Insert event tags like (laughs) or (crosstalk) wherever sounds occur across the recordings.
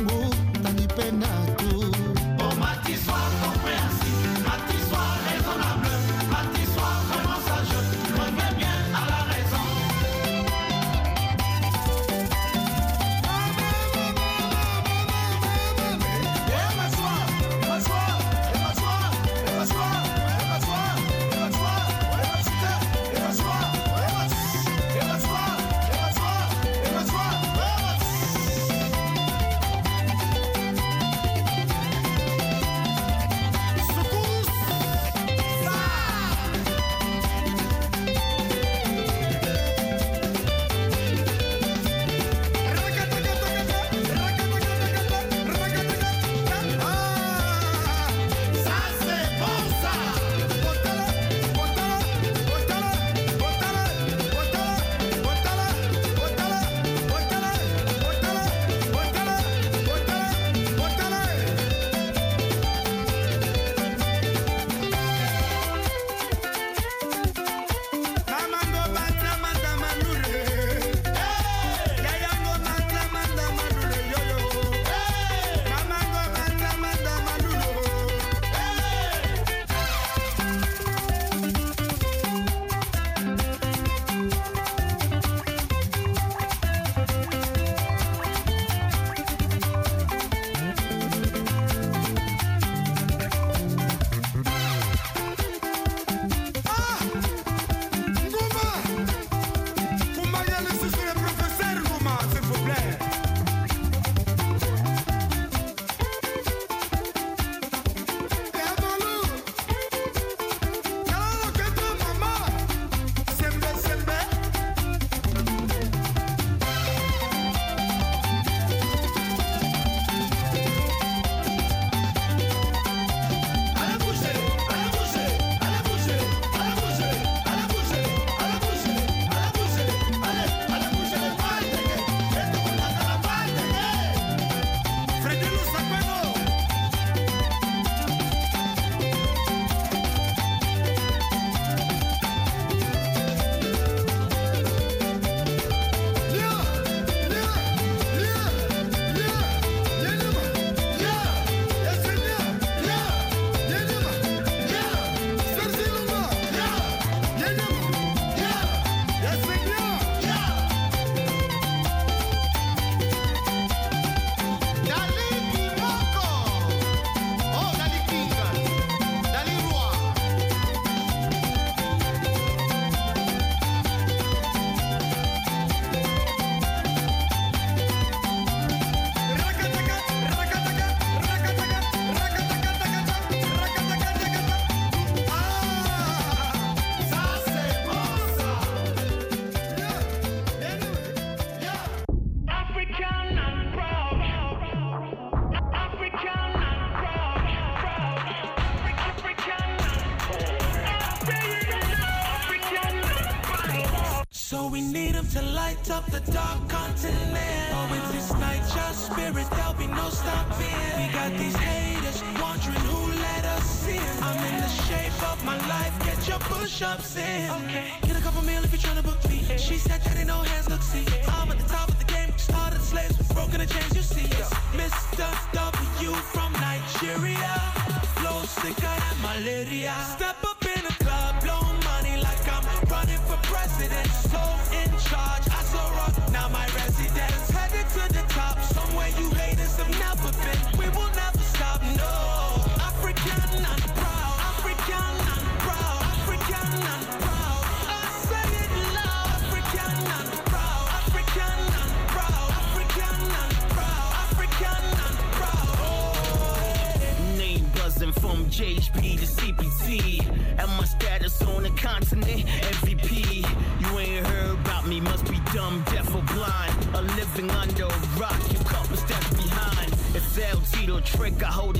yangu tanipenda W from Nigeria. Flow sicker than malaria. Step up in a club, blow money like I'm running for president. So in charge, I so rock, now my residence. JHP to CPT. And my status on the continent, MVP. You ain't heard about me, must be dumb, deaf, or blind. Or living under a rock, you couple steps behind. It's El Tito trick, I hold it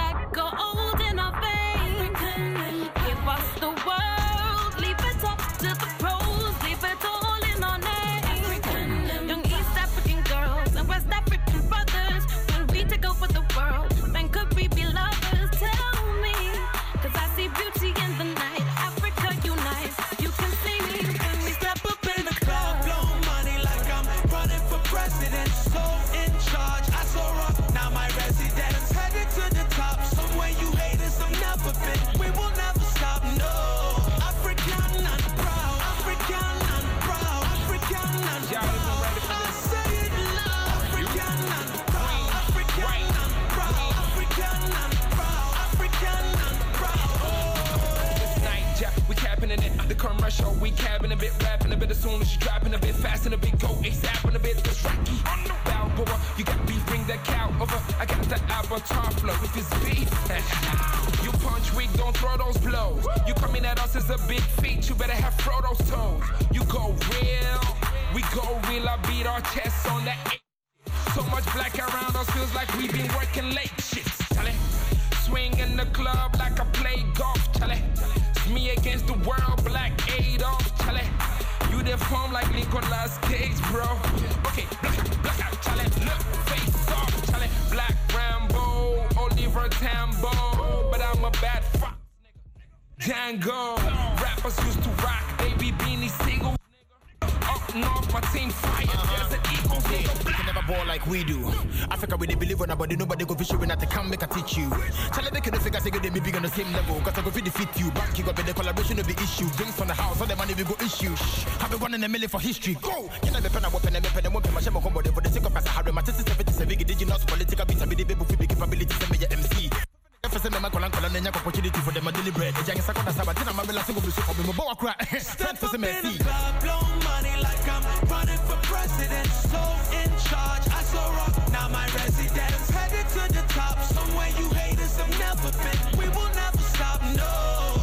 show. We cabbing a bit, rapping a bit as soon as she dropping a bit fast and a bit go ASAP and a bit. It's Rocky on the Balboa. You got beef, bring that cow over. I got the avatar flow. If it's beef, (laughs) you punch weak, don't throw those blows. You coming at us as a big feat, you better have Frodo's toes. You go real, we go real. I beat our chests on that. So much black around us feels like we've been working late. Shit, Swing in the club like I play golf, Charlie me against the world, black Adolf, chale. You def home like Nicolas Cage, bro. Okay, black, black out, chale. Look, face off, chale. Black Rambo, Oliver Tambo. But I'm a bad fox, Django. Rappers used to rock, baby beanie single. Up north, my team fire. Uh-huh. You can never ball like we do. Africa, we they believe on nobody, nobody go fish when I can make a teach you. Tell them they can figure, say they be big on the same level. Cause I go fit defeat you. Back you up the collaboration of be issue. Drinks on the house, all the money we go issue. Shh. Have been one in a million for history. Go! Can I be pen and weapon and weapon and be My shame on combo, for the sake of my I my sister 77 big indigenous political beats. I be the baby We be capabilities and me MC i (laughs) me makola nkola na nya opportunity for them deliberate e jangisa kwa saba tina mabela singo bisu obi mo bawa kra step fese me see blown money like I'm running for president so in charge I so rock now my residence headed to the top somewhere you haters have never been we will never stop no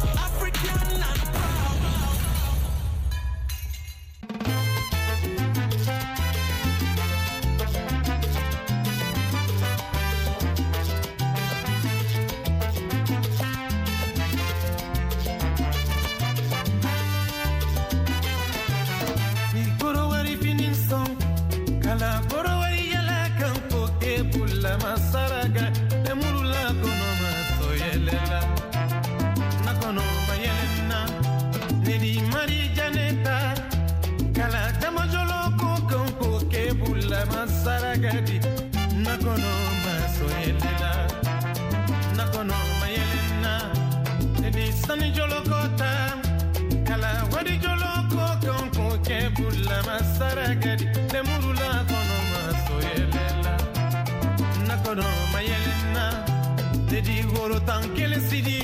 kɛdi nakɔnɔ maso yelela nakɔnɔ mayelena edi sanijolokɔta kala wadi wadijoloko kanko kɛ bulama sarakɛdi lemurula kono maso yelela nakɔnɔ mayelena edi worotan kelen sidi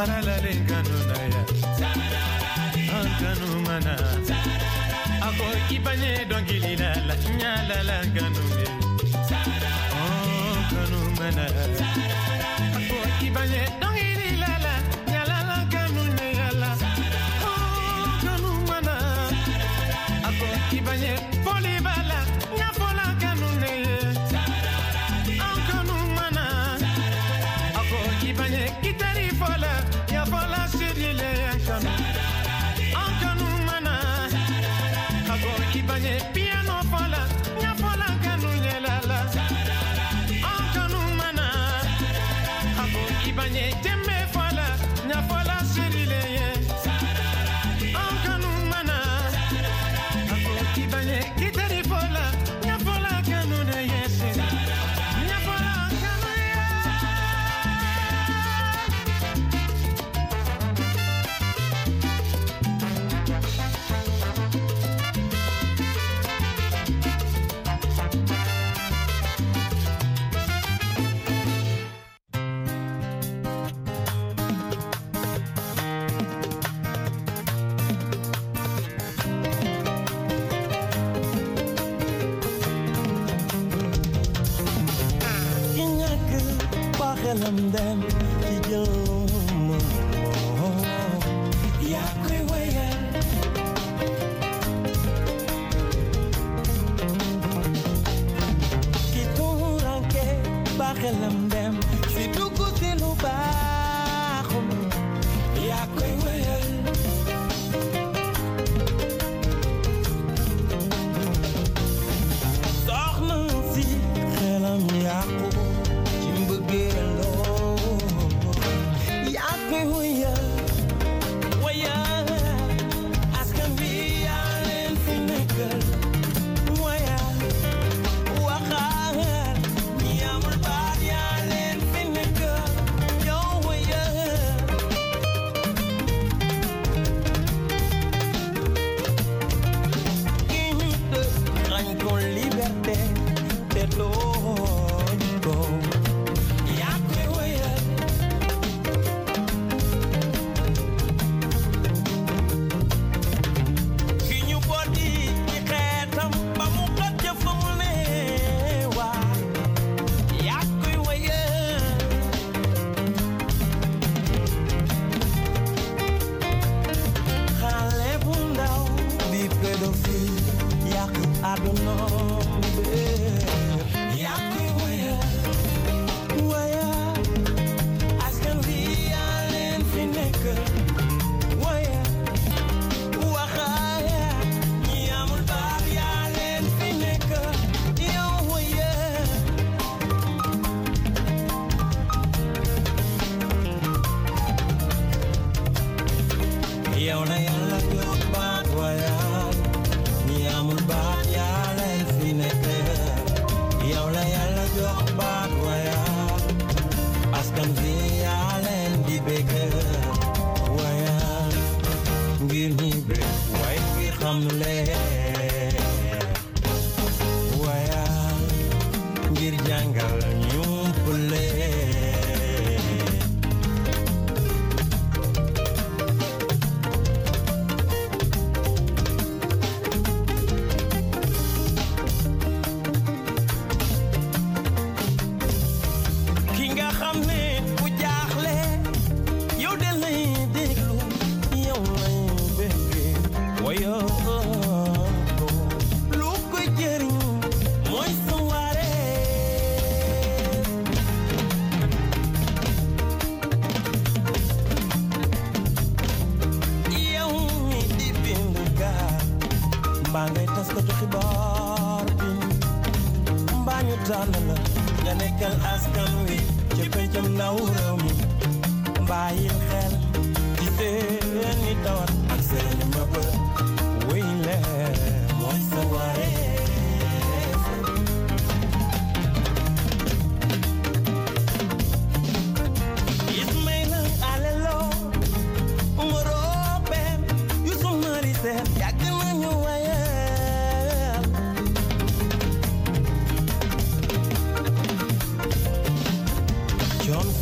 saralale ngano na ya ngano ako dongili nyala me ako dongili them. gaan here.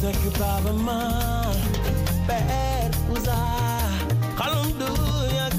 Sanki babama per uza Kalum du ya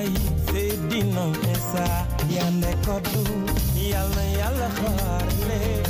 ay se dino esa yan yande kodu yalla yalla xarle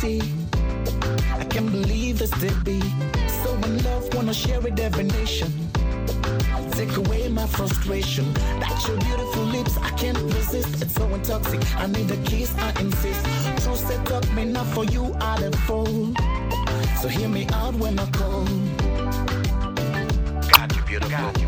see. I can't believe this to be. So in love, wanna share with every nation. Take away my frustration. That your beautiful lips, I can't resist. It's so intoxic. I need a kiss, I insist. True set up me not for you, I the fool. So hear me out when I call. God, you beautiful. God, you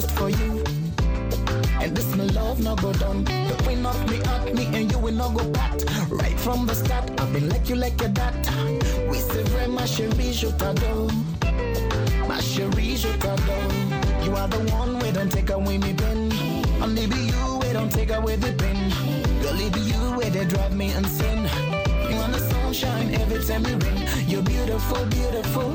just for you. And this my love no go done. The queen of me up, me and you will not go pat. Right from the start, I've been like you like a dat. We say very ma chérie, je t'adore. Ma chérie, je t'adore. You are the one we don't take away me pen. Only be you we don't take away the pen. Girl, it be you where they drive me insane. You want the sunshine every time you rain. You're beautiful, beautiful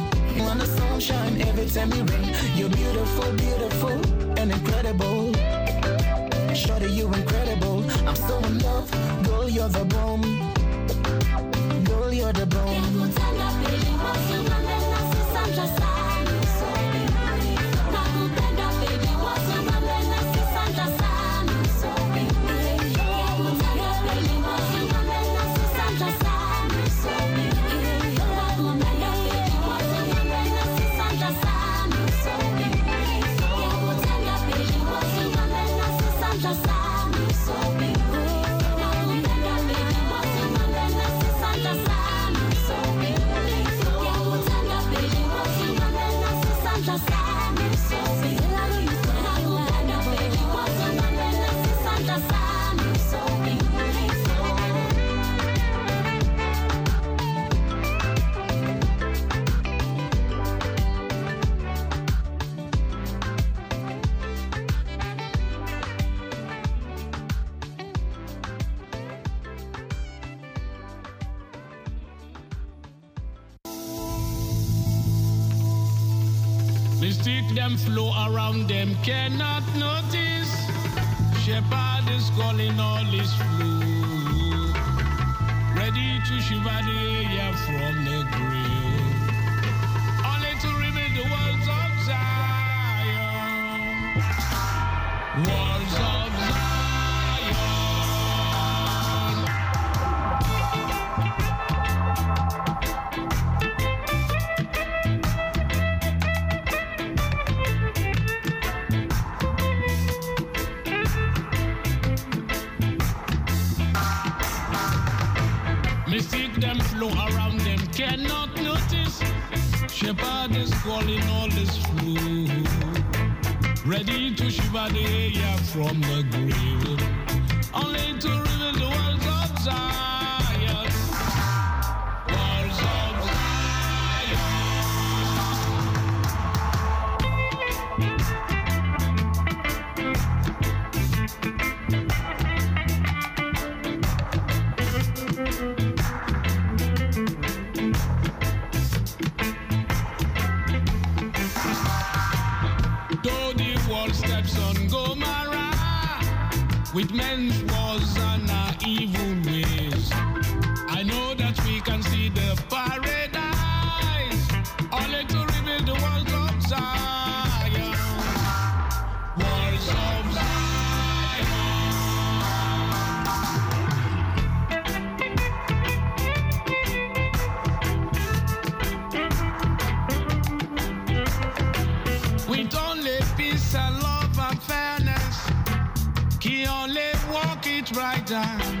shining on the sunshine every time you rain. You're beautiful, beautiful, and incredible. Shorty, you're incredible. I'm so in love. Girl, you're the bomb. Girl, you're the bomb. Shivadi from the grave. Only to rebuild the walls of Zion. calling all this flu. Ready to shiver the air from the grave, only to reveal the of upside. with men brighter.